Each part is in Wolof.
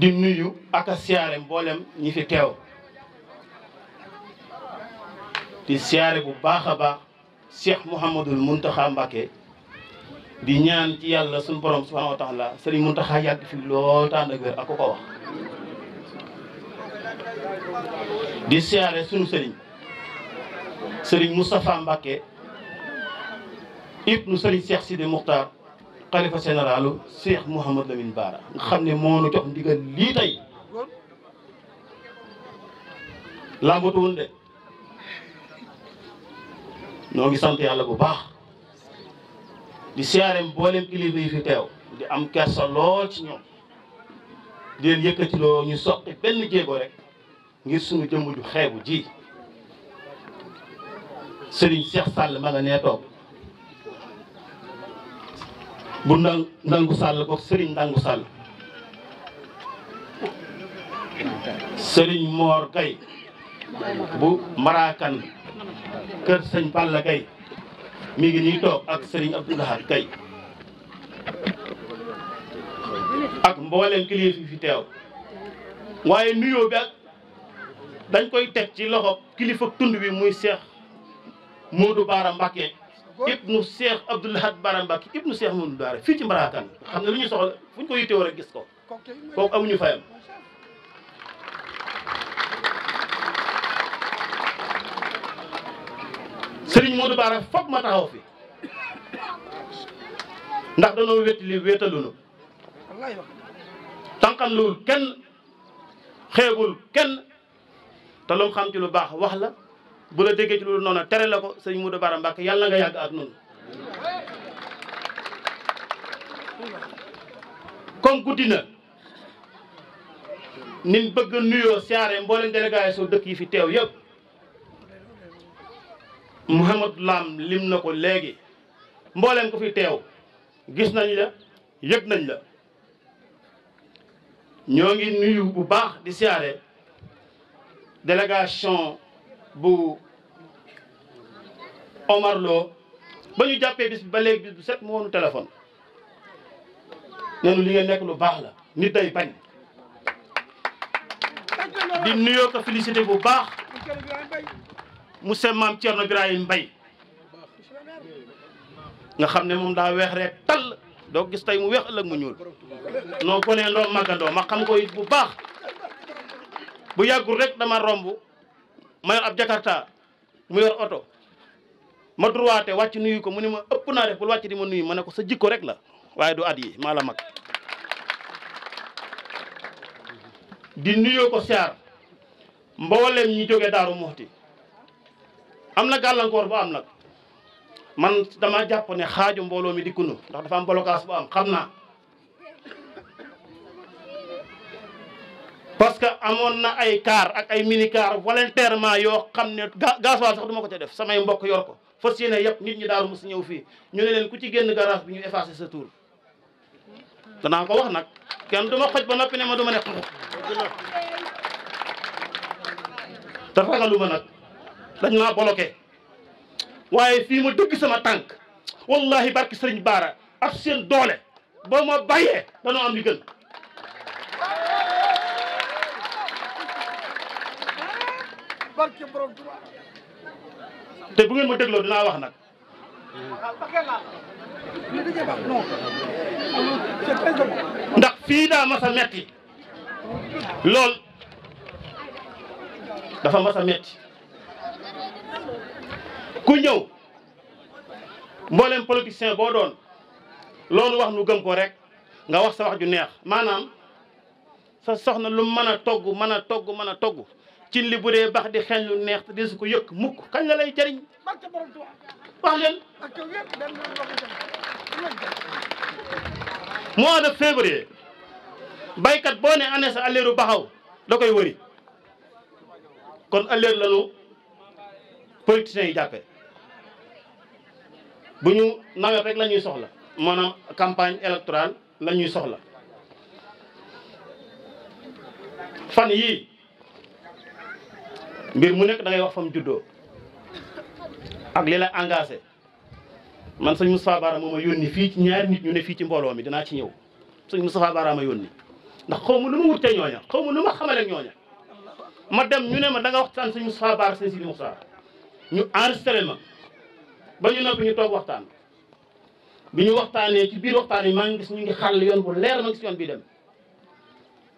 di nuyu ak a siyaare mboolem ñi fi teew di siyaare bu baax a baax Cheikh Mouhamadul Mountakha Mbacké di ñaan ci yàlla suñu borom subhaanahu wa taala Serigne Mountakha yàgg fi lool tànd ak wér ak ko ko wax di siyaare sunu Serigne Serigne Moustapha Mbacké ibnu Serigne Cheikh Sidi Moukhtar xalifa généralu Cheikh Mouhamad Lamine Baara nga xam ne moo nu jox ndigal lii tey làmbatuwun de noo ngi sant yàlla bu baax di siyaare mboolem kilifa yi fi teew di am kersa lool ci ñoom di leen yëkkati ñu soqi benn jéego rek ngir suñu jëmm ju xeebu ji Serigne Cheikh Sall ma nga nee toog bu ndang ndangu sàll ko sëriñ ndangu sàll sëriñ moor gay bu maraakan kër sëñ Balla gay mi ngi nii toog ak sëriñ abdoulahat gay ak mbooleem kilifa fi teew waaye nuyoo dañ koy teg ci loxo kilifa tund bi muy Seex Moodu Baara Mbàkke ibnu Cheikh Abdoul Ahad Bara Mbacké ibnu Cheikh Mamadou Bara fii ci Mbarakan xam ne lu ñu soxla fu ñu ko yittewoo rek gis ko kooku amuñu fayam Serigne Modou Bara foog ma taxaw fi ndax danoo wétali wéetalunu tànqanluwul kenn xeebul kenn te lu mu xam ci lu baax wax la bu la déggee ci loolu noonu tere la ko sëñ Modou Bara Mbacké yàlla nga yàgg ak noonu comme guddi na nin bëgg nuyoo siyaare mboolem délégation dëkk yi fi teew yëpp Mouhamadou Lam lim na ko léegi mbooleen ko fi teew gis nañ la yëg nañ la ñoo ngi nuyu bu baax di siyaare délégation bu Omar ba ñu jàppee bis bi ba léegi bis bu set mu woonu téléphone nenu li ngeen nekk lu baax la nit day bañ di nuyoo ko félicité bu baax monsieur Mame Thierno Birahim mbay nga xam ne moom daa weex rek tall doo gis tey mu weex ëllëg mu ñuul noo ko nee ndoo màggandoo ma xam ko it bu baax bu yàggul rek dama romb ma ab jakarta mu yor oto ma droité wàcc nuyu ko mu ne ma ëpp naa def bul wàcc di ma nuyu ma ne ko sa jikko rek la waaye du at yi maa la mag di nuyoo ko siyaar mboolem ñi jógee daaru Muxti am na gàllankoor bu am nag man dama jàpp ne xaaju mbooloo mi dikkunu ndax dafa am blocage am xam naa que amoon na ay car ak ay mini car volontairement yoo xam ne gasoil sax du ma ko ca def samay mbokk yor ko fas yéene yëpp nit ñi mu si ñëw fii ñu ne leen ku ci génn garage bi ñu effacé sa tour danaa ko wax nag kenn du ma xoj ba noppi ne ma du ma nekk te lu ma nag dañ maa bloqué waaye fii ma dëgg sama tànk wallahi barki sëriñ baara ak seen doole ba ma bàyyee danoo am li barke borom Tuuba te bu ngeen ma dégloo naa wax nag ndax fii daa mas a metti lool dafa mas a metti ku ñëw mboolem politicien boo doon loolu wax nu gëm ko rek nga wax sa wax ju neex maanaam sa soxna lu mën a togg mën a togg mën a togg cin li bu dee bax di xel lu neex te desu ko yëkk mukk kañ la lay jariñ wax leen mois de février baykat boo ne année sa alleeru baxaw da koy wëri kon alleer lañu politiciens yi jàppee bu ñu nawet rek la ñuy soxla maanaam campagne électorale la ñuy soxla fan yii mbir mu nekk da wax fa mu juddoo ak li la engagé man sëñ Moustapha Bara moo ma yónni fii ci ñaari nit ñu ne fii ci mbooloo mi dinaa ci ñëw sëñ Moustapha Bara ma yónni ndax xaw ma lu ma wut ca ñooña xaw ma lu ma xamale ñooña ma dem ñu ne ma da nga waxtaan sëñ Moustapha Bara sëñ Sidi Moustapha ñu enregistré ma ba ñu noppi ñu toog waxtaan bi ñu waxtaanee ci biir waxtaan yi maa ngi gis ñu ngi xàll yoon bu leer ma gis yoon bi dem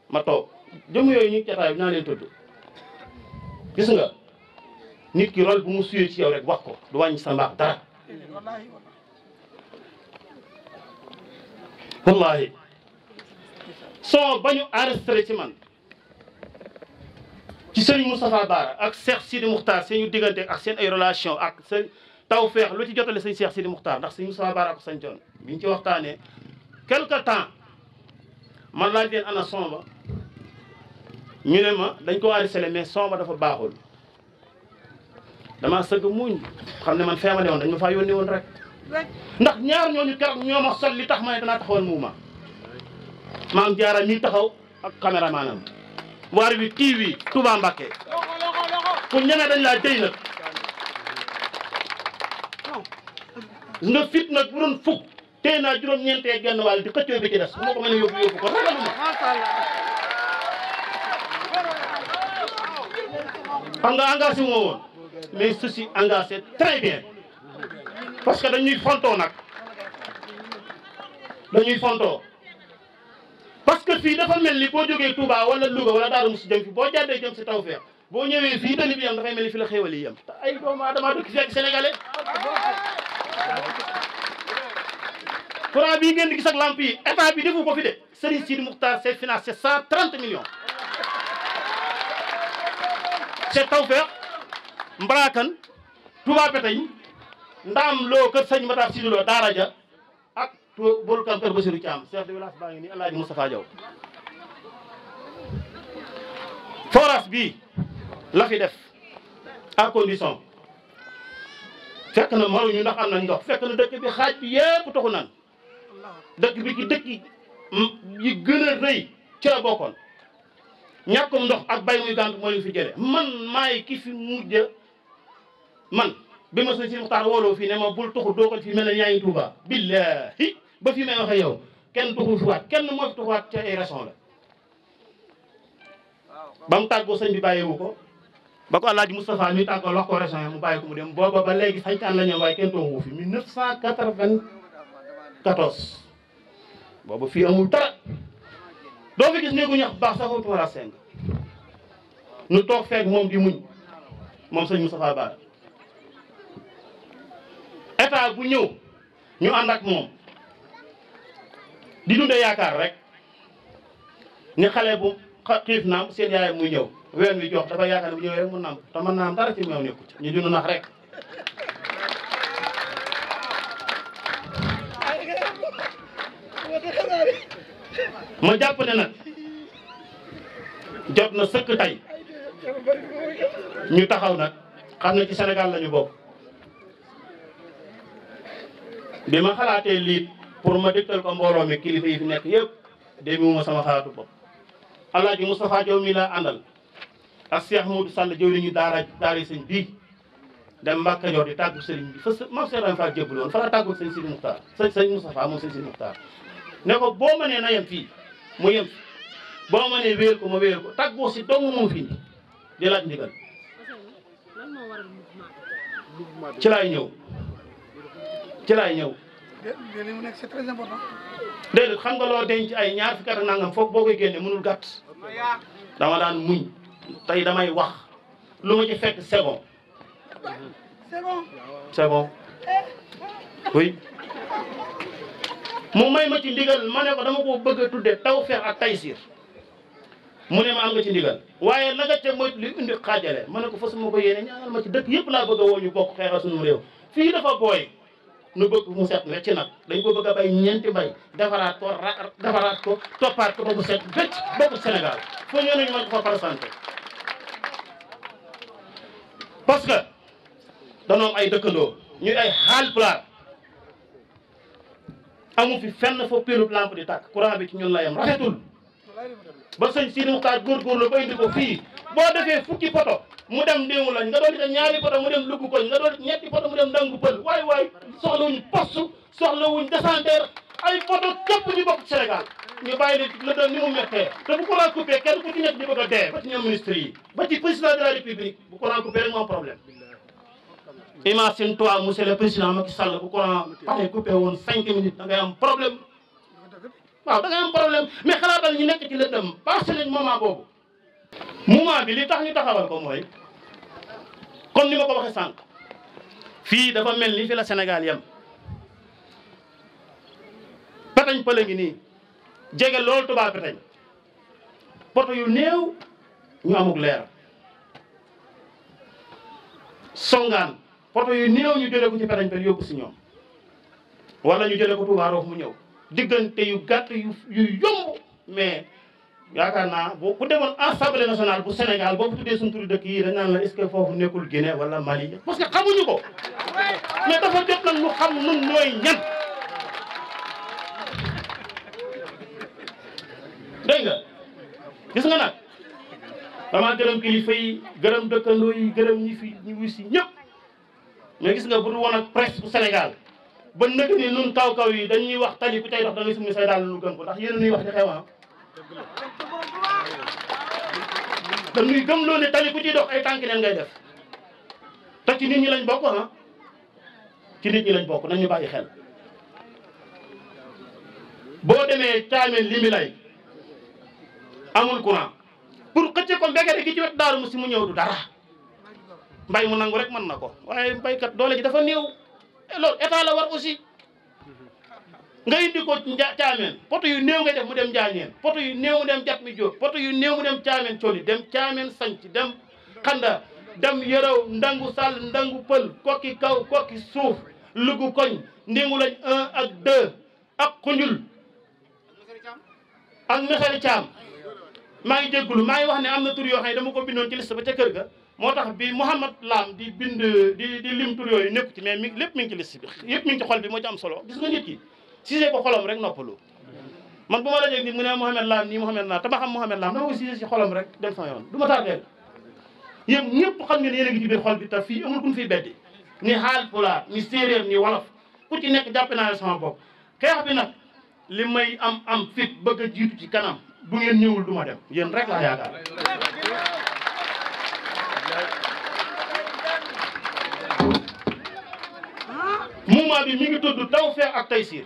ma toog jëm yooyu ñu ngi jataay leen tudd gis nga nit ki rôle bu mu suyee ci yow rek wax ko du wàññi sa mbaax dara wallahi soo ba ñu arrêté ci man ci sëñ Moustapha Bara ak Cheikh Sidi Moukhtar seen ñu diggante ak seen ay relation ak seen taw feex lu ci jotale sëñ Cheikh Sidi Moukhtar ndax sëñ Moustapha Bara ko sañcoon bi ñu ci waxtaanee quelque temps man laaj leen ana son ba ñu ne ma dañ ko enregistré mais son ba dafa baaxul dama sëgg muñ xam ne man fee ne woon dañ ma faa yónnee woon rek ndax ñaar ñooñu keroog ñoo ma sol li tax ma ne danaa taxawal muuma maam jaara mi taxaw ak caméraman am Waarwi TV Touba Mbacké ku ñeme dañ laa déy nag nga fit nag bu doon fukk tey naa juróom-ñeentee genn wàll di xëccoo bi ci des bu ma ko mënee yóbbu ko ragaluma xam nga engagé wu ma woon mais je suis engagé très que dañuy fontoo nag dañuy fontoo que fii dafa mel ni boo jógee Touba wala Louga wala Darou Moussa jëm fi boo jàddee jëm si Tawfekh boo ñëwee fii tali bi yam dafay mel ni fi la xéewal yi yam ay doomu aadama dëkk fi ak bi defu ko de Serigne Sidi Mouktar c'est financé cent trente millions te tawfeex mbaraakan Touba Pétay ndaam loo kër sëñ si Sidi Lo daara ja ak boolu kam kër Basiru Caam chef de village baa ngi nii Alaaji Moustapha Diaw forage bii la fi def ak condition fekk na ñu ndax am nañ ndox fekk na dëkk bi xaaj bi yépp taxu nan dëkk bi dëkk yi gën a rëy ci la bokkoon ñàkkum ndox ak bay muy gànt mooy fi jële man maay ki fi mujj man bi ma sëñ si Muxtaar wooloo fii ne moo bul tuxu doogal fii mel ne ñaa ngi Tuuba billahi ba fi may waxe yow kenn tuxu fi waat kenn moo fi tuxuwaat ca ay raison la ba mu tàggoo sëñ bi bàyyiwu ko ba ko Alaaji Moustapha mi tàggoo wax ko raison yi mu bàyyi ko mu dem booba ba léegi xañtaan la ñoom waaye kenn tuxu fi 1994 boobu fii amul dara doo fi gis néegu ñax baax sax wala wala seng nu toog feeg moom di muñ moom sëñ Moustapha Bara état bu ñëw ñu ànd moom di dundee yaakaar rek ni xale bu xiif naam seen yaay muy ñëw ween wi jox dafa yaakaar ne bu ñëwee rek mu naam te mën naa am dara ci meew nekku ci nax rek ma jàpp ne nag jot na sëkk tey ñu taxaw nag xam ne ci senegal la ñu bokk bi ma xalaatee lii pour ma dégtal ko mbooloo mi kilifa yi fi nekk yëpp de demeewuma sama xalaatu bopp Alaaji Moustapha Diop mi laa àndal ak Cheikh Moudou Sall jëw li ñu daara daari sëñ bii dem Mbàkke Kajoor di tàggu sëriñ bi fa mam seeran fa jébaloon fa la tàggu sëñ Sidi Muxtaar sëñ sëñ Moustapha ne ko boo mënee na yem fii mu yem fi boo mënee wéer ko ma wéer ko tàggoo si dong moom fi indi di laaj ndigal ci laay ñëw ci laay ñëw. déedéet xam nga loo denc ay ñaar fukki at ak nangam boo koy génnee mënul gàtt dama daan muñ tey damay wax lu ma ci fekk c'est bon c'est mu may ma ci ndigal ma ne ko dama ko bëgg a taw feex ak taysiir mu ne ma am nga ci ndigal waaye la nga ca mooy li indi xaajale ma ne ko fa ma ko yéene ñaanal ma ci dëkk yëpp laa bëgg woo ñu bokk xeexal suñu réew fii dafa booy nu bëgg mu set wecc nag dañ koo bëgg a bay ñeenti mbay defaraat ko defaraat ko toppaat ko ba mu set wecc bokk Sénégal foo ñëw nañu mën ko fa présenté parce que danoom ay dëkkandoo ñu ay xaal pulaar amu fi fenn fa péelub lampe di tàkk courant bi ci ñun la yem rafetul ba sëñ Sidi Muxtaar góorgóorlu ba indi ko fii boo defee fukki poto mu dem ndéemu lañ nga doon itam ñaari poto mu dem lugg koñ nga doon ñetti poto mu dem ndangu pël waay waay soxlawuñ poste soxlawuñ descentaire ay poto képp ñu bokk Sénégal ñu bàyyi leen la doon ni mu méttee te bu courant coupé kenn ku ci nekk ñu bëgg a ba ci ñoom ministre yi ba ci président de la république bu courant coupé rek imagine-toi monsieur le président Macky Sall bu courant pate coupé woon cinq minutes da ngay am problème waaw da ngay am problème mais xalaatal ñu nekk ci lëndëm passé nañ moment boobu moment bi li tax ñu taxawal ko mooy comme ni ma ko waxee sànq fii dafa mel ni fi la Sénégal yem petañ pële nii jege loolu tubaab petañ poto yu néew ñu amug leer songaan poto yu néew ñu jëlee ko ci perañ per yóbbu si ñoom wala ñu jëlee ko Touba Rof mu ñëw diggante yu gàtt yu yu yomb mais yaakaar naa bu bu demoon assemblée nationale bu Sénégal boo ko tuddee suñu turu dëkk yi dañ naan la est-ce que foofu nekkul Guinée wala Mali parce que xamuñu ko mais dafa jot nag ñu xam nun ñooy ñan dégg nga gis nga nag damaa gërëm kilifa gërëm dëkkandoo gërëm ñi fi ñu si ñëpp mais gis nga bu woon ak presse bu Sénégal ba nëg ni nun kaw kaw yi dañuy wax tali ku cay dox da ngay summi say daal lu gën ko ndax yéen ñuy wax ci xew ah dañuy gëm loo ne tali ku ciy dox ay tànk neen ngay def ta ci nit ñi lañ bokk ah ci nit ñi lañ bokk nañu bàyyi xel boo demee caameen limi lay amul courant pour xëcce ko mbégere gi ci wet daal mu si mu ñëw du dara mbay mu nangu rek man na ko waaye mbaykat doole ji dafa néew loolu état la war aussi nga indi ko caameen poto yu néew nga def mu dem njaañeen poto yu néew mu dem jat mi jóob poto yu néew mu dem caameen coli dem caameen sanc dem kanda dem yëraw ndangu sàll ndangu pël kokki kaw kokki suuf lugu koñ ndingu lañ un ak deux ak xunjul ak mexari caam maa ngi jéggulu maa ngi wax ne am na tur yoo xam ne dama ko bindoon ci liste ba ca kër ga moo tax bi Mouhamad Lam di bind di di lim tur yooyu nekku ci mais mi lépp mi ngi ci liste bi yëpp mi ngi ci xol bi moo ci am solo gis nga nit ki sisee ko xolam rek noppalu man boo ma dajee nit mu ne Mouhamad Lam nii Mouhamad Lam te ma xam Mouhamad Lam dama ko sisee si rek dem sama du ma tardeel yéen ñëpp xam ngeen yéen a ngi ci xol bi te fii amul kuñ fiy beddi ni xaal pulaar ni séeréer ni wolof ku ci nekk jàppe naa sama bopp xeex bi nag li may am am fit bëgg a jiitu ci kanam bu ngeen ñëwul du ma dem yéen rek laa yaakaar émission bi mi ngi tudd Tawfekh ak Taysir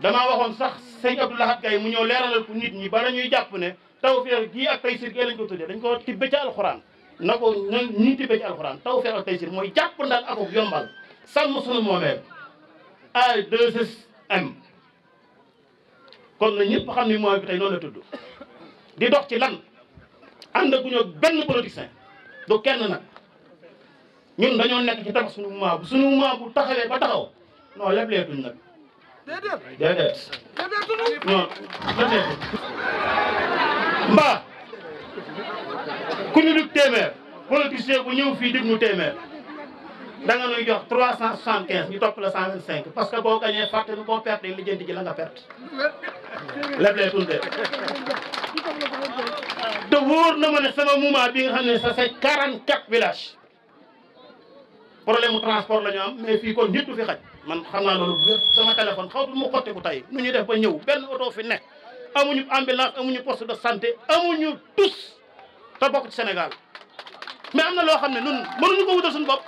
damaa waxoon sax sëñ Abdou Lahad mu ñëw leeralal ko nit ñi bala ñuy jàpp ne taw Tawfekh gii ak Taysir gii lañ ko tuddee dañ ko tibbe ci alxuraan na ko na ñi tibbe ci alxuraan Tawfekh ak Taysir mooy jàpp ndal ak yombal sàmm sunu moomeel A2SM kon na ñëpp xam ni moom bi tey noonu la tudd di dox ci lan ànd gu ñoo benn politicien du kenn nag ñun dañoo nekk ci tabax suñu mouvement bu suñu mouvement bu taxawee ba taxaw non lebleetuñ nag déedéet non lebleetuñ mbaa ku ñu dug téeméer politicien bu ñëw fii dig mu téeméer da nga jox trois cent soixante quinze ñu topp la cent vingt parce que boo gañee fàtte nu boo perte li jënd ji la nga perte lebleetuñ de te wóor na ma ne sama mouvement bi nga xam ne sa c'est quarante quatre villages problème mu transport la ñu am mais fii kon nit du fi xaj man xam naa loolu bu sama téléphone xawtu mu xotteku tey nu ñuy def ba ñëw benn oto fi nekk amuñu ambulance amuñu poste de santé amuñu tous te bokk ci Sénégal mais am na loo xam ne ñun mënuñu ko wutal suñu bopp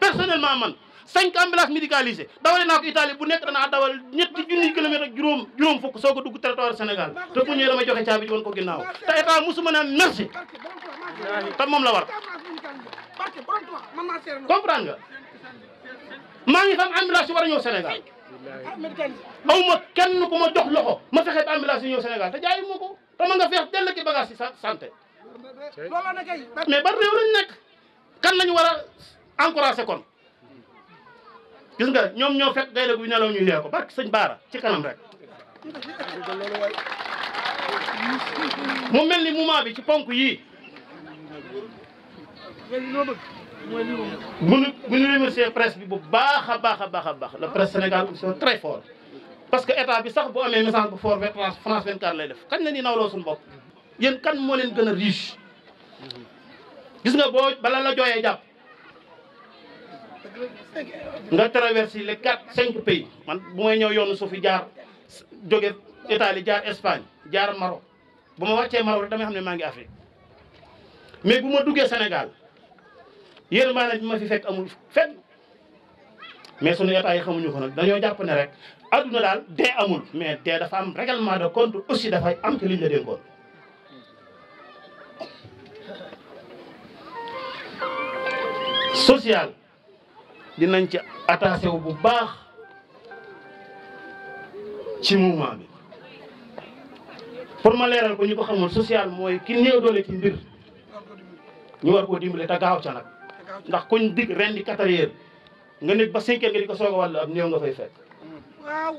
personnellement man cinq ambulances médicalisées dawale naa ko Italie bu nekk danaa dawal ñetti junniy kilomètres ak juróom juróom fukk soo ko dugg territoire Sénégal te bu ñëwee damay joxe caabi ji woon ko ginnaaw te état naan merci moom la war comprendre nga maa ngi xam ambulance yi war a ñëw Sénégal aw ah, ma kenn ku ma jox loxo ma fexe ba ambulance yi ñëw Sénégal te jaayu ma ko te nga feex dell ki bagage yi santé mais ba réew lañ nekk kan war a encouragé kon gis nga ñoom ñoo fekk gaynde gu nelaw ñu yee ko barke sëñ Baara ci kanam rek mu mel ni moment bi ci ponk yi bu ñu bu ñu remercier presse bi bu baax a baax a baax a baax la presse Sénégal ils très fort parce que état bi sax bu amee message bu fort France France 24 lay def kañ la ñuy nawloo suñu bopp yéen kan moo leen gën a riche gis nga boo bala la jooyee jàpp nga traversé les quatre cinq pays man bu may ñëw yoonu suufi jaar jóge Italie jaar Espagne jaar Maroc bu ma wàccee Maroc rek damay xam ne maa ngi Afrique mais bu ma duggee Sénégal yërmaane bi ma fi fekk amul fenn mais sunu état yi xamuñu ko nag dañoo jàpp ne rek adduna daal dee amul mais dee dafa am règlement de compte aussi dafay am ci liñ la social dinañ ci attaché wu bu baax ci mouvement bi pour ma leeral ko ñu ko xamul social mooy ki néew doole ci mbir ñu war koo dimbale te gaaw ca nag ndax kuñ dig ren di nga nekk ba cinq heures nga di a soog a wàll ab néew nga fay fekk. waaw.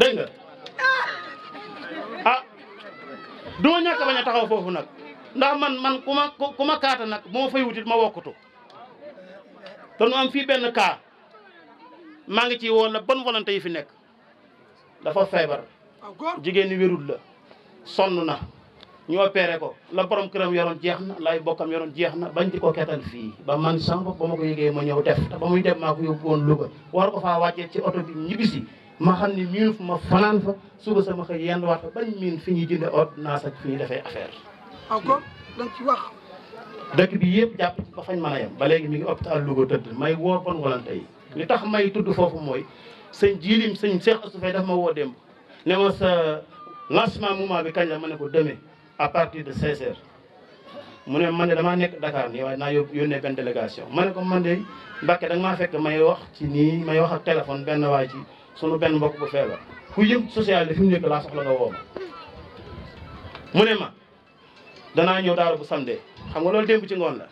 dégg nga ah doo ñàkk bañ taxaw foofu nag ndax man man ku ma kaata nag moo ma fay ma wokkutu te nu fii benn cas maa ngi ci woon la bonne volonté yi fi nekk dafa feebar ah, jigéen ñi wérul la sonn na ñu opéré ko la borom këram yoroon jeex na lay bokkam yoroon jeex na bañ di ko ketal fii ba man sama bopp ba ma ko yëgee ma def te muy dem maa ko yóbbu woon Louga war ko faa ci oto bi ñibbisi ma xam ne miin fu ma fanaan fa suba sama xëy yenn waxta bañ miin fi ñuy jënde ordonnance ak fi ñuy defee affaire encore dañ wax dëkk bi yëpp jàpp ba fañ mën a yem ba léegi mi ngi hôpital Louga tëdd may woo bon volonté yi li tax may tudd foofu mooy sëñ jiilim sëñ Cheikh Assoufay daf ma woo ne ma sa lancement maa bi kañ la ma ne ko demee à partir de 16 mu ne man de damaa nekk Dakar nii waaye naa yónnee benn délégation ma ne ko man de Mbacke da nga maa fekk may wax ci nii may wax ak téléphone benn waay ci sunu benn mbokk bu feebar ku yëngu social bi fi mu nekk laa soxla nga woo mu ne ma danaa ñëw daaru bu samedi xam nga loolu démb ci ngoon la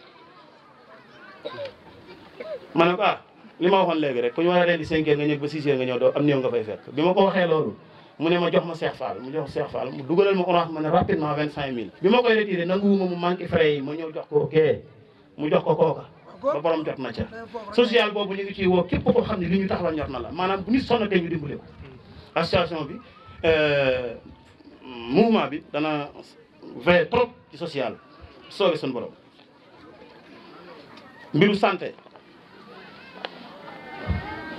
ma ne ko ah li ma waxoon léegi rek ku ñu war a rendi cinq heures nga ñëw ba six nga ñëw doo am néew fekk bi ma ko waxee loolu mu ne ma jox ma Cheikh Fall mu jox Cheikh Fall mu dugalal ma orange ma ne rapidement vingt cinq mille bi ma koy retiré nanguwuma mu manqué frais yi ñëw jox ko kee mu jox ko kooka ba borom jot na ca social boobu ñu ci ciy woo képp koo xam ne li ñu taxawal ñor na la maanaam bu nit sonnatee ñu dimbale ko association bi euh, mouvement bi dana veille trop ci social soobe suñu borom mbiru santé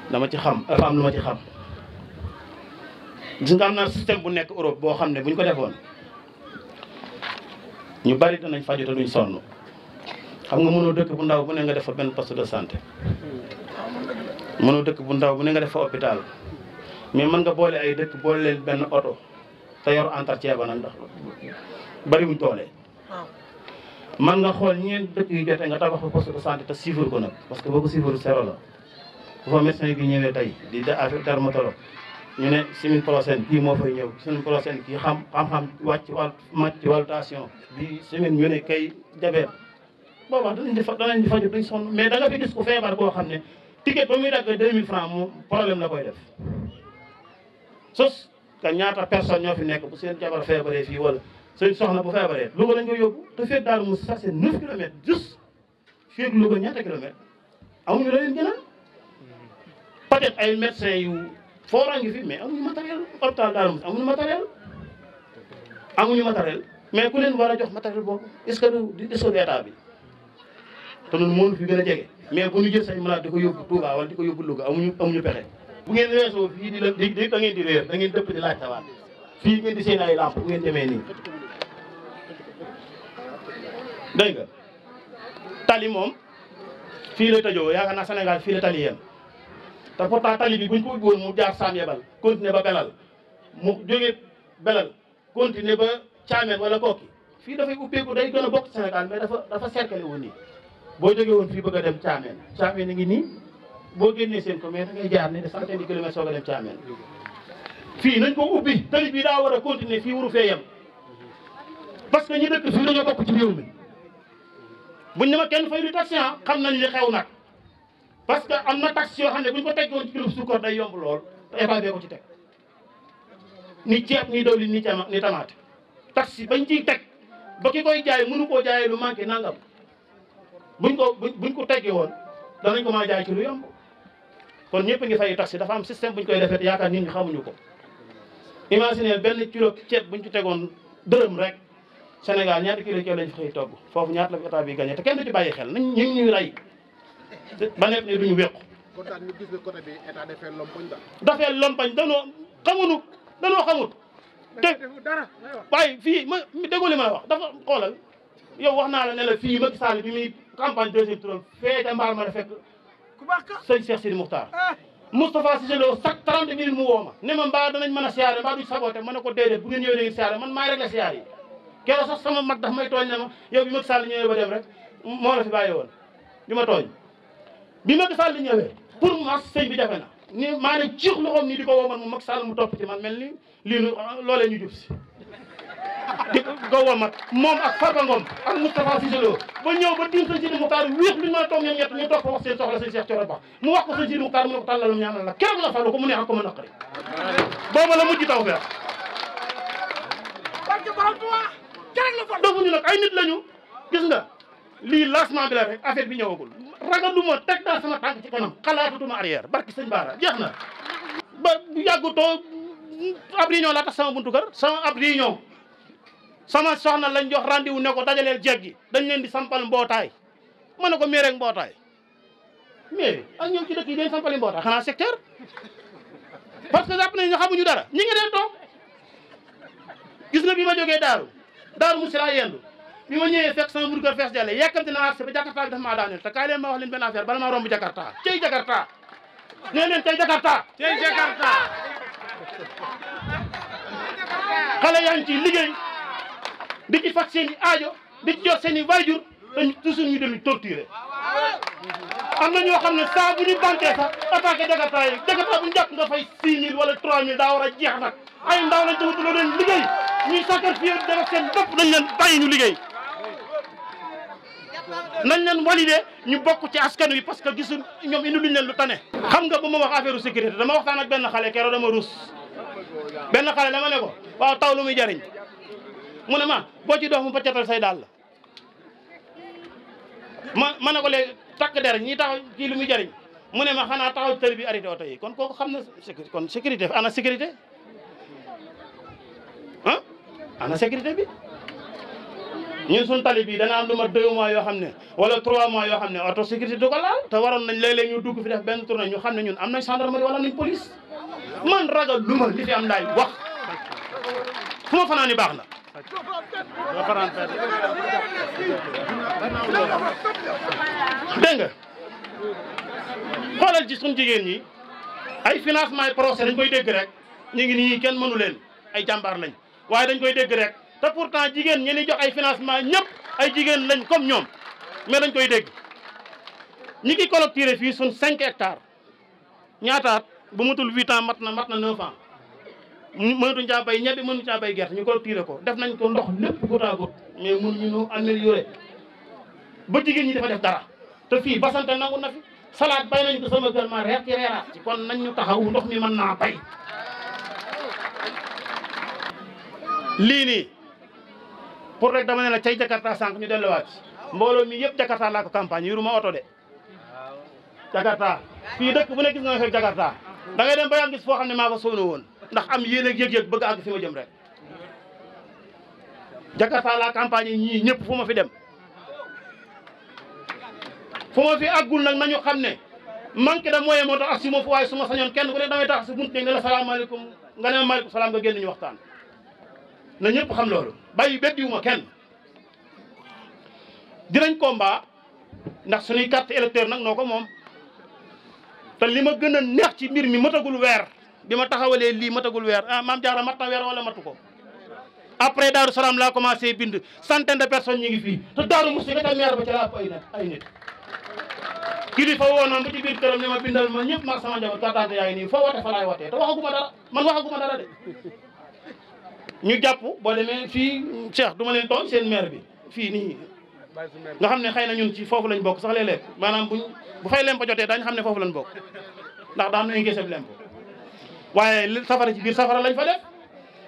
dama ci xam a am lu ma ci xam gis nga am na système bu nekk Europe boo xam ne bu ñu ko defoon ñu bari danañ faju te duñ sonn xam nga mënoo dëkk bu ndaw bu ne nga def fa benn poste de santé mënoo dëkk bu ndaw bu ne nga def fa hôpital mais mën nga boole ay dëkk boole benn oto te yor entretien ba nag ndax bariwuñ doole. man nga xool ñeent dëkk yu jotee nga tabax ko poste de santé te siifur ko nag parce que boo ko siifur zéro la bu fa médecin bi ñëwee tey di affaire ñu ne semaine prochaine kii moo fay ñëw semaine prochaine kii xam xam-xam wàcc wàll màcc wàllutation bi semaine ñu ne kay jabeet boobaa danañ di fa danañ di faju duñ sonn mais da nga fi gis ku feebar koo xam ne ticket ba muy dagg 2000 francs moom problème la koy def sos ka ñaata personne ñoo fi nekk bu seen jabar feebaree fii wala seen soxna bu feebaree Louga lañ ko yóbbu te feeg daal mu sax c'est 9 kilomètres juste feeg Louga ñaata kilomètres amuñu la leen gënal mm-hmm. peut ay médecins foora ngi fi mais amuñu matériel hôpital Darou Mouhty amuñu matériel amuñu matériel mais ku leen war a jox matériel boobu est-ce que di est-ce que état bi te loolu moo fi gën a jege mais bu ñu jël say malade di ko yóbbu Touba wala di ko yóbbu Louga amuñu amuñu pexe bu ngeen weesoo fii di la di da ngeen di réer da ngeen dëpp di laaj tawaat fii ngeen di seen ay lamp bu ngeen demee nii dégg nga tali moom fii la tëjoo yaakaar naa Sénégal fii la tali yem te pourtant bi bu ñu ko ubbi woon mu jaar saam yebal continuer ba belal mu jógee belal continuer ba caameen wala kooki fii dafay ubbeeku day gën a bokk Sénégal mais dafa dafa cerclé woon nii boo jógee woon fii bëgg a dem caameen caameen a ngi nii boo génnee seen ko mais da ngay jaar ne de centaine de kilomètres soog a dem caameen fii nañ ko ubbi tali bi daa war a continuer fii wuru fee yem parce que ñu dëkk fii dañoo bokk ci réew mi buñ ne ma kenn fay du ah, xam nañ li xew nag parce que am na taxe yoo xam ne bu ñu ko teggoon ci kilo suukar day yomb lool te état bee ko ci teg ni ceeb ni dawlin ni tama ni bañ ciy teg ba ki koy jaay mënu koo jaayee lu man manqué nangam buñ ko buñ ko teggee woon danañ ko mën a jaay ci lu yomb kon ñëpp ngi fay taxe dafa am système buñ koy defet yaakaar ni ñi xamuñu ko imagine benn kilo ceeb buñ ci tegoon dërëm rek Sénégal ñaata kilo ceeb lañ fi xëy togg foofu ñaata la fi bi gagné te kenn du ci bàyyi xel nañ ñu ngi rey ba nga ne duñu wéqu. kon daal ñu gis ne côté bi état dafay lompañ daal. dafay lompañ danoo xamuñu danoo xamut. te fii ma déggoo li may wax dafa xoolal yow naa la ne la fii Macky bi muy campagne deuxième tour feete mbaar ma fekk sëñ Cheikh Sidi Moukhtar. Ah. Moustapha Cissé Lo chaque trente minutes mu woo ma ma mbaa a siyaare ma ko déedéet bu ngeen ñëwee da ma yow bi Macky Sall ñëwee ba dem rek moo la fi bàyyi woon bi tooñ bi Macky Sall di ñëwee pour mu as sëñ bi jafe ni maa ne ciix loxoom nii di ko woo man mu Macky Sall mu topp ci man mel ni lii nu ah, loolee ñu jub si di ko woo mat moom ak Farba Ngom ak Moustapha Cissé Lo ba ñëw ba diim sëñ Sidi Moukhtar wéet lu ñu mën a toog ñoom ñett ñu toog ko wax seen soxla sëñ Cheikh Thioro Ba mu wax ko sëñ Sidi Moukhtar mu ne ko tàllalam ñaanal la keroog la falu ko mu neex ak ko ma naqari booba la mujj taw feex dafa ñu nag ay nit lañu gis nga lii lancement bi la rek bi ñëwagul ragaluma teg naa sama tànk ci kanam xalaatatuma arrière barki sëñ Baara jeex na. ba yàggutoo ab réunion laa tax sama buntu kër sama ab réunion sama soxna lañ jox rendez-vous ne ko dajaleel jeeg gi dañ leen di sampal mbootaay ma ne ko mairie ak mbootaay mairie ak ah, ñoom ci dëkk yi dañ sampali mbootaay xanaa parce que jàpp nañ ñu xamuñu dara ñi ngi dee toog gis nga bi ma jogee daal daaru mu si yendu bi ma ñëwee fekk sama burgër fees delle yàkkamte na marché ba jakarta bi dafa maa daaneel te kaay leen ma wax benn affaire bala maa romb jakarta cey jakarta nee leen cey jakarta xale yaa ngi ciy liggéey di ci faj seen i aajo di ci yor seen i waajur dañ toujours ñu dem torturer am na ñoo xam ne saa bu ñu bantee sax attaqué jakarta yi jakarta bu ñu jàpp nga fay 6000 wala 3000 daa war a jeex nag ay ndaw lañ tawutuloo leen liggéey ñuy sacrifier def seen bopp dañ leen bàyyi ñu liggéey nañ leen de ñu bokk ci askan wi parce que gisul ñoom indi luñ leen lu tane. xam nga bu ma wax affaire sécurité dama waxtaan ak benn xale keroog dama ruus benn xale dama ne ko waaw taw lu muy jariñ mu ne ma boo ci dox mu paccatal say daal la ma ma ne ko léegi takk der ñi taxaw kii lu muy jariñ mu ne ma xanaa taxaw tali bi arrêté oto yi kon kooku xam na sécurité kon sécurité ana sécurité ah ana sécurité bi. ñun suñ tali bii dana am lu ma deux mois yoo xam ne wala trois mois yoo xam ne auto sécurité du ko te waroon nañ léeg-léeg ñu dugg fi def benn tournée ñu xam ne ñun am nañ gendarmerie wala am nañ police man lu ma li fi am daay wax fu ma fanaan ni baax na dégg nga xoolal ci suñ jigéen ñi ay financement yi procès dañ koy dégg rek ñu ngi nii kenn mënu leen ay jàmbaar lañ waaye dañ koy dégg rek te pourtant jigéen ñi ni jox ay financement ñëpp ay jigéen lañ comme ñoom mais dañ koy dégg ñi ki collecté fii suñ cinq hectares ñaataat bu matul huit ans mat na mat na neuf ans mënatuñ caa bay ñebe mënuñ caa bay gerte ñu collecté ko def nañ ko ndox lépp goutte à goutte mais mënuñu ñu ba jigéen ñi dafa def dara te fii basante nangu na fi salaat bay nañ ko sama kër ma reer ci reeraat kon nañ ñu taxaw ndox mi man naa bay lii nii pour rek dama ne la cay Jakarta sànq ñu delluwaat mbooloo mi yëpp Jakarta laa ko campagne yuruma oto de Jakarta fii dëkk bu ne nga fekk Jakarta da ngay dem ba yaa foo xam ne maa fa soono woon ndax am yéen yëg-yëg bëgg àgg fi ma jëm rek Jakarta laa campagne ñëpp foo ma fi dem fu ma fi àggul nag nañu xam ne manqué da moyen moo tax ak si ma fu waaye su ma sañoon kenn ku ne damay tax si bunt salaamaaleykum nga ne ma maaleykum salaam nga génn ñu waxtaan na ñëpp xam loolu bàyyi ma kenn dinañ komba ndax suñuy carte électeur nag noo ko moom te li ma gën a neex ci mbir mi matagul weer bi ma taxawalee lii matagul weer ah maam jaara mat na weer wala matu ko après Daaru Salaam laa commencé bind centaine de personnes ñu ngi fii te Daaru Musti ka meer ba ci laa ay nag a nit kilifa woo na bu biir këram ma bindal ma ñëpp mar sama njaboot kàttan yaa ngi nii foo wate fa watee te waxaguma dara man waxaguma dara de ñu jàpp boo demee fii Cheikh du ma leen tooñ seen maire bi fii nii nga xam ne xëy na ñun ci foofu lañ bokk sax léeg-léeg maanaam buñ bu fay lempo jotee daañ xam ne foofu lañ bokk ndax daan nañu ngeeseb lempo waaye safara ci biir safara lañ fa def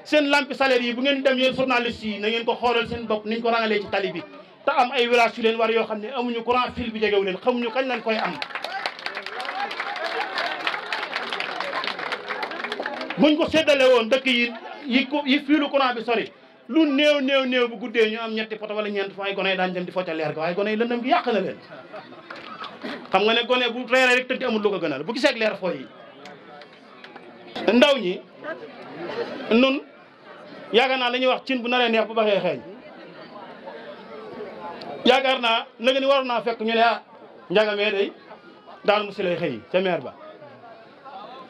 seen lampi saleer yi bu ngeen dem yéen journaliste yi na ngeen ko xoolal seen bopp niñ ko rangalee ci tali bi te am ay village yu leen war yoo xam ne amuñu courant fil bi jegewu leen ñu kañ lañ koy am buñ ko séddale woon dëkk yi yi ko yi fiilu courant bi sori lu néew néew néew bu guddee ñu am ñetti poto wala ñeent fa ay gone yi daan dem di focca leer ga waaye gone yi lëndëm gi yàq na leen xam nga ne gone bu reere rek tëddi amul lu ko gënal bu gisee ak leer fooy ndaw ñi nun yaakaar naa la wax cin bu naree neex bu ba xeeñ yaakaar naa nag ni naa fekk ñu ne ah njagamee day daal mu silay xëy ca meer ba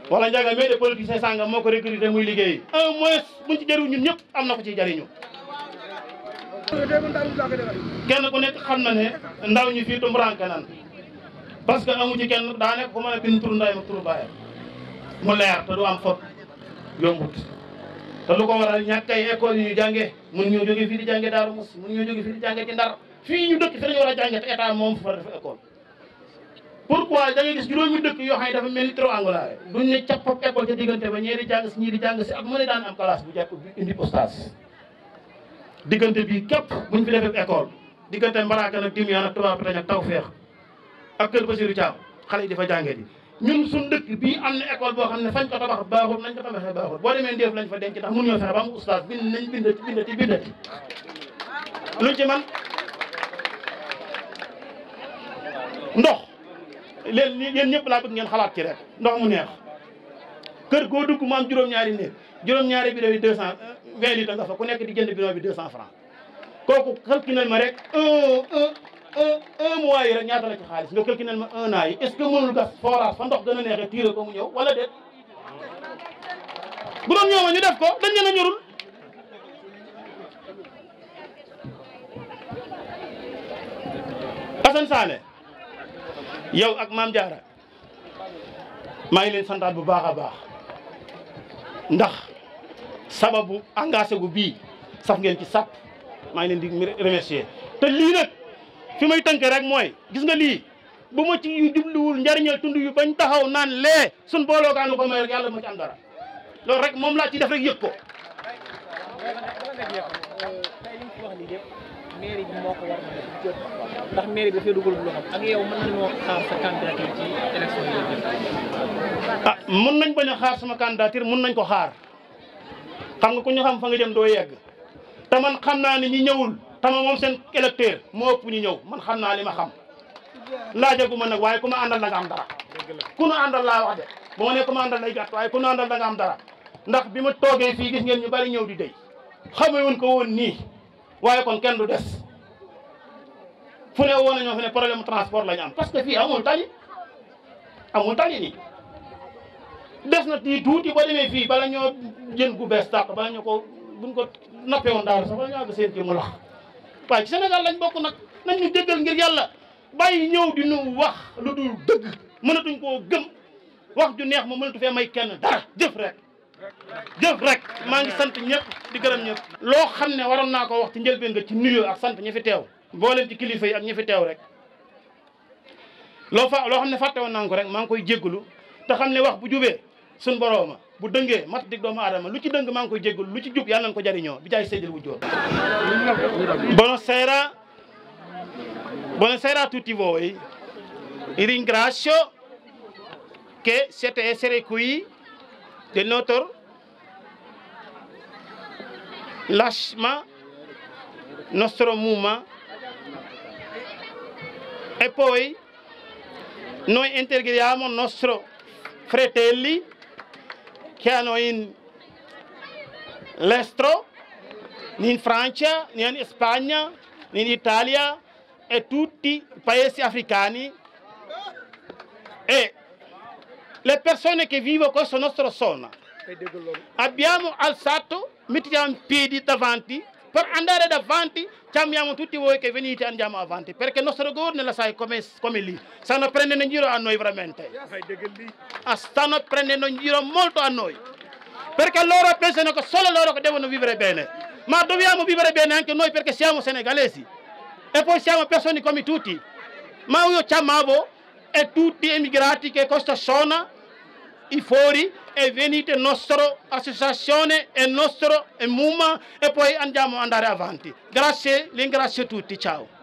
wala njaga mais de politicien sàngam moo ko recruté muy liggéey au moins buñ ci jëriñ ñun ñëpp am na ko ci jëriñu kenn ku nekk xam na ne ndaw ñi fii tumburanke nan parce que amu ci kenn daa nekk ku mën a bind turu ndayam ak turu baayam mu leer te du am fot yombut te lu ko waral ñàkk ay école yi ñu jànge mun ñoo jóge fii di jànge Daaru Mus mun ñoo jóge fii di jànge ci Ndar ñu dëkk fi la ñu war jànge te moom fa def école pourquoi da ngay gis juróomi dëkk yoo xam dafa mel ni triangulaire duñ ne cap foofu école ca diggante ba ñeeri jàng si ñii di jàng si ak mu ne daan am classe bu jàpp indi postage diggante bi képp buñ fi defee école diggante Mbaraaka nag Dimyaan ak Touba Pétagne ak Tawfeex ak Kër Basiru Caam yi di fa jàngee ñun suñ dëkk bii am na école boo xam ne fañ ko tabax baaxul nañ ko tabaxee baaxul boo demee Ndeef lañ fa denc ndax mun ñoo fexe ba am oustaz bind nañ bindati bindati bindati luñ ci man ndox leen yéen ñëpp laa bëgg ngeen xalaat ci rek ndox mu neex kër goo dugg mu juróom-ñaari néeg juróom-ñaari bidon bi deux cent euh, vingt litres nga fa ku nekk di jënd bidon bi deux cent franc kooku calculel ma rek un un un rek ñaata la ci xaalis nga calculel ma un an yi est ce que mënul gas forage fa ndox gën a neexee tiire ko mu ñëw wala déet bu ñëw ma ñu def ko dañ leen a ñorul Assane Sané yow ak maam jaara maa ngi leen santaat bu baax a baax ndax sababu engagé gu bii saf ngeen ci sàpp maa ngi leen di remercier te lii nag fi may tënk rek mooy gis nga lii bu ma ci yu jubluwul njariñal tund yu bañ taxaw naan lee sun booloo gaanu ko may rek yàlla ma ci am dara loolu rek moom laa ci def rek yëg mairie bi moo ko mën xaar sa candidature ci ah, nañ bañ a xaar sama candidature mën nañ ko xaar xam nga ku ñu xam fa nga jëm doo yegg te man xam naa ni ñi ñëwul tama moom seen électeur moo ëpp ñu ñëw man xam naa li ma xam laajagu ma nag waaye ku ma àndal da nga am dara ku nu àndal laa wax de waaye ku nu àndal am dara ndax bi ma toogee fii gis ngeen ñu bari ñëw di dey xamee ko woon nii waaye kon kenn du des fu ne woon nañoo fi ne problème transport la ñu am parce que fii amul tali amul tali nii des na nii tuuti ba demee fii bala ñoo jën gu bees tàq bala ñu ko buñ ko nappee woon daal sax bala ñoo àgg seen kii mu lax waaye ci Sénégal lañ bokk nag nañ ñu déggal ngir yàlla bàyyi ñëw di ñu wax lu du dëgg mënatuñ koo gëm wax ju neex ma mënatu fee may kenn dara jëf rek jëf rek maa ngi sant ñëpp di loo xam ne waroon naa ko wax ci njëlbeen nga ci nuyoo ak sant ñi fi teew mboolem ci kilifa ak ñi fi teew rek loo xam ne fàtte woon naa ko rek maa ngi koy jéggulu te xam ne wax bu jubee suñ borooma bu dëngee mat dig doomu aadama lu ci dëng maa ngi koy jéggulu lu ci jub yàlla nañ ko jariñoo bi jaay séddal wu joor buonasera buonasera a tutti voi ringrazio che siete essere qui del nostro lâchement nostro mouvement e poi noi integriamo il nostro fratelli che hanno in l'estero, in Francia, in Spagna, in Italia e tutti paesi africani. E le persone che vivono questo nostro sonno abbiyaamo alsatto mittiyama peedi davanti par andare davanti camyama tutti woy ko venite andiamo avanti par ce que nostre gourne la say sano prende no jiro a noi veramente a sano prende no jiro molto a noi per che loro pensano che solo devono vivere bene ma dobbiamo vivere bene anche noi perché siamo senegalesi e poi siamo persone come tutti ma io chiamavo e tutti emigrati che questa sono i fuori e venite nostro associazione e nostro e muma e poi andiamo ad andare avanti. Grazie, ringrazio tutti, ciao.